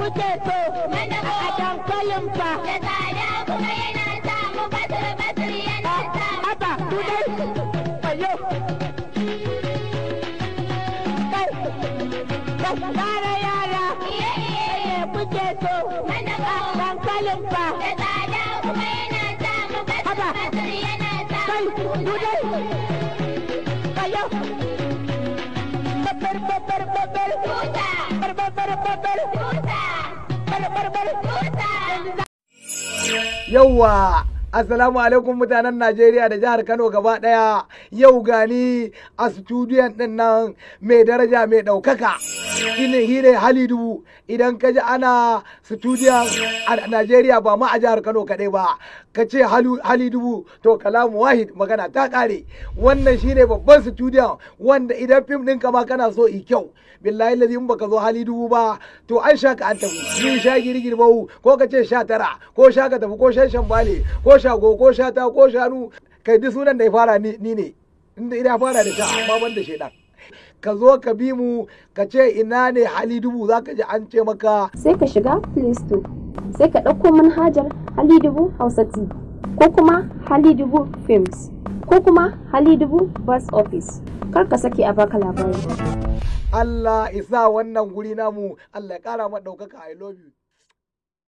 kuke so a dankalin fa. Da tsada kuma yana mu basir basir yana ah, ayo. Yara yara. Iye kuke so a dankalin fa. Da tsada kuma yana yana Kai ayo. Babar babar yauwa Assalamu alaikum mutanen Najeriya da jihar Kano gaba ɗaya yau gani a studiyon ɗin nan mai daraja mai ɗaukaka shine hire halidu idan ka ji ana studiyon a Najeriya ba ma a jihar Kano kaɗai ba ka ce hali dubu to kalamu wahid magana ta kare wannan shine babban studio wanda idan fim ɗinka ma kana so i kyau billahi lazi in baka zo hali dubu ba to an sha ka an tafi ni sha girgir bau ko ka ce sha tara ko sha ka tafi ko sha bale ko sha go ko sha ta ko shanu kai duk sunan da ya fara ni ne inda ina fara da ta amma ban da shaidan ka zo ka bi mu ka ce ina ne hali dubu za ka ji an ce maka sai ka shiga play store sai ka ɗauko manhajar Halidubu Hausa TV ko kuma Halidubu Films ko kuma Halidubu Bus Office. Kar ka sake a baka labari. Allah isa wannan guri namu Allah ya kara ma ɗaukaka I love you.